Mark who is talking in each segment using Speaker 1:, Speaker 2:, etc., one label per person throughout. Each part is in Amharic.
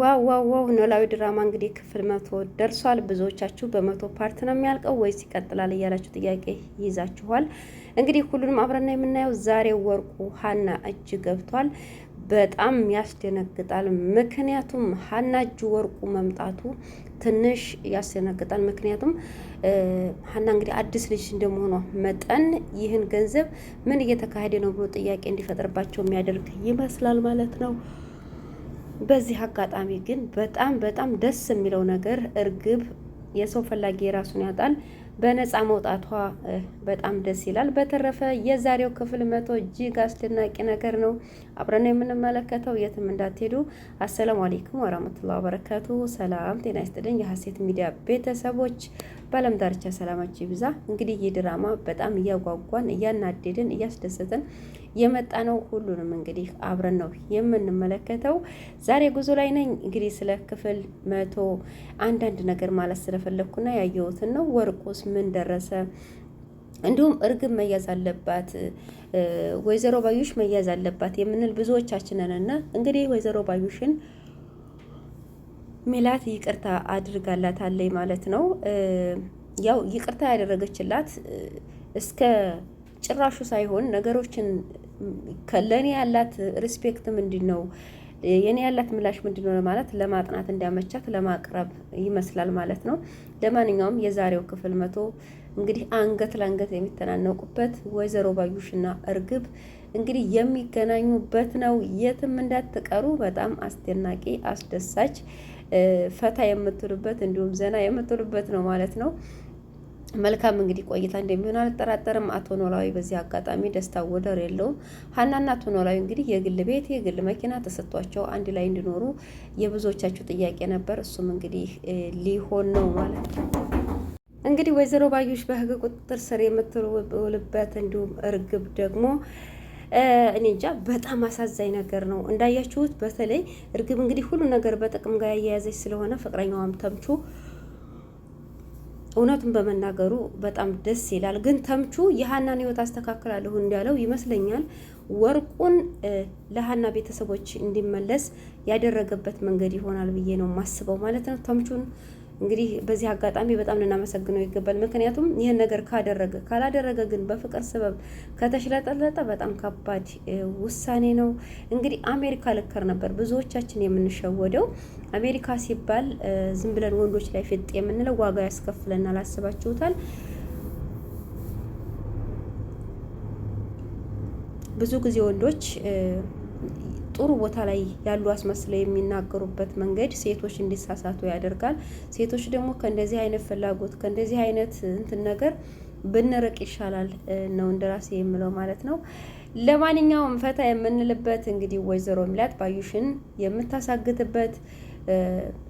Speaker 1: ዋው ዋው ዋው ኖላዊ ድራማ እንግዲህ ክፍል መቶ ደርሷል። ብዙዎቻችሁ በመቶ ፓርት ነው የሚያልቀው ወይስ ይቀጥላል እያላችሁ ጥያቄ ይዛችኋል። እንግዲህ ሁሉንም አብረና የምናየው ዛሬ ወርቁ ሀና እጅ ገብቷል። በጣም ያስደነግጣል። ምክንያቱም ሀና እጅ ወርቁ መምጣቱ ትንሽ ያስደነግጣል። ምክንያቱም ሀና እንግዲህ አዲስ ልጅ እንደመሆኗ መጠን ይህን ገንዘብ ምን እየተካሄደ ነው ብሎ ጥያቄ እንዲፈጥርባቸው የሚያደርግ ይመስላል ማለት ነው። በዚህ አጋጣሚ ግን በጣም በጣም ደስ የሚለው ነገር እርግብ የሰው ፈላጊ የራሱን ያጣል በነፃ መውጣቷ በጣም ደስ ይላል። በተረፈ የዛሬው ክፍል መቶ እጅግ አስደናቂ ነገር ነው። አብረን የምንመለከተው የትም እንዳትሄዱ። አሰላሙ አሌይኩም ወራህመቱላ ወበረካቱ። ሰላም ጤና ይስጥልኝ የሀሴት ሚዲያ ቤተሰቦች በአለም ዳርቻ ሰላማችሁ ይብዛ። እንግዲህ ይህ ድራማ በጣም እያጓጓን፣ እያናደድን፣ እያስደሰትን? የመጣ ነው። ሁሉንም እንግዲህ አብረን ነው የምንመለከተው። ዛሬ ጉዞ ላይ ነኝ። እንግዲህ ስለ ክፍል መቶ አንዳንድ ነገር ማለት ስለፈለግኩና ያየሁትን ነው። ወርቁስ ምን ደረሰ? እንዲሁም እርግብ መያዝ አለባት፣ ወይዘሮ ባዩሽ መያዝ አለባት የምንል ብዙዎቻችንን ብዙዎቻችንንና እንግዲህ ወይዘሮ ባዩሽን ሜላት ይቅርታ አድርጋላታለች ማለት ነው። ያው ይቅርታ ያደረገችላት እስከ ጭራሹ ሳይሆን ነገሮችን ለእኔ ያላት ሪስፔክት ምንድን ነው፣ የእኔ ያላት ምላሽ ምንድን ነው ለማለት ለማጥናት እንዲያመቻት ለማቅረብ ይመስላል ማለት ነው። ለማንኛውም የዛሬው ክፍል መቶ እንግዲህ አንገት ለአንገት የሚተናነቁበት ወይዘሮ ባዩሽና እርግብ እንግዲህ የሚገናኙበት ነው። የትም እንዳትቀሩ። በጣም አስደናቂ አስደሳች ፈታ የምትሉበት እንዲሁም ዘና የምትሉበት ነው ማለት ነው። መልካም እንግዲህ ቆይታ እንደሚሆን አልጠራጠርም። አቶ ኖላዊ በዚህ አጋጣሚ ደስታ ወደር የለውም። ሀናና አቶ ኖላዊ እንግዲህ የግል ቤት የግል መኪና ተሰጥቷቸው አንድ ላይ እንዲኖሩ የብዙዎቻቸው ጥያቄ ነበር። እሱም እንግዲህ ሊሆን ነው ማለት ነው። እንግዲህ ወይዘሮ ባዩሽ በህግ ቁጥጥር ስር የምትውልበት እንዲሁም እርግብ ደግሞ እኔ እንጃ በጣም አሳዛኝ ነገር ነው። እንዳያችሁት በተለይ እርግብ እንግዲህ ሁሉ ነገር በጥቅም ጋር ያያያዘች ስለሆነ ፍቅረኛዋም ተምቹ እውነቱን በመናገሩ በጣም ደስ ይላል። ግን ተምቹ የሀናን ህይወት አስተካክላለሁ እንዳለው ይመስለኛል ወርቁን ለሀና ቤተሰቦች እንዲመለስ ያደረገበት መንገድ ይሆናል ብዬ ነው ማስበው ማለት ነው ተምቹን እንግዲህ በዚህ አጋጣሚ በጣም ልናመሰግነው ይገባል። ምክንያቱም ይህን ነገር ካደረገ ካላደረገ ግን በፍቅር ስበብ ከተሽለጠለጠ በጣም ከባድ ውሳኔ ነው። እንግዲህ አሜሪካ ልከር ነበር ብዙዎቻችን የምንሸወደው። አሜሪካ ሲባል ዝም ብለን ወንዶች ላይ ፍጥ የምንለው ዋጋ ያስከፍለናል። አስባችሁታል? ብዙ ጊዜ ወንዶች ጥሩ ቦታ ላይ ያሉ አስመስለው የሚናገሩበት መንገድ ሴቶች እንዲሳሳቱ ያደርጋል። ሴቶች ደግሞ ከእንደዚህ አይነት ፍላጎት ከእንደዚህ አይነት እንትን ነገር ብንርቅ ይሻላል ነው እንደራሴ የምለው ማለት ነው። ለማንኛውም ፈታ የምንልበት እንግዲህ ወይዘሮ ሚላት ባዩሽን የምታሳግትበት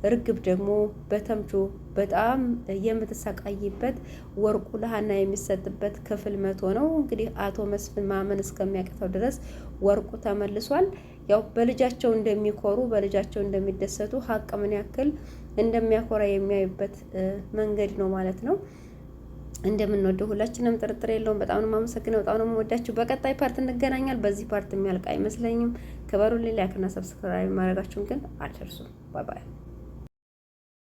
Speaker 1: እርግብ ደግሞ በተምቹ በጣም የምትሰቃይበት ወርቁ ለሀና የሚሰጥበት ክፍል መቶ ነው። እንግዲህ አቶ መስፍን ማመን እስከሚያቅተው ድረስ ወርቁ ተመልሷል። ያው በልጃቸው እንደሚኮሩ በልጃቸው እንደሚደሰቱ ሀቅ ምን ያክል እንደሚያኮራ የሚያዩበት መንገድ ነው ማለት ነው። እንደምንወደው ሁላችንም ጥርጥር የለውም። በጣም ነው የማመሰግነው። በጣም ነው የምወዳችሁ። በቀጣይ ፓርት እንገናኛል። በዚህ ፓርት የሚያልቅ አይመስለኝም። ክበሩልኝ። ላይክና ሰብስክራይብ ማድረጋችሁን ግን አትርሱ። ባይ ባይ።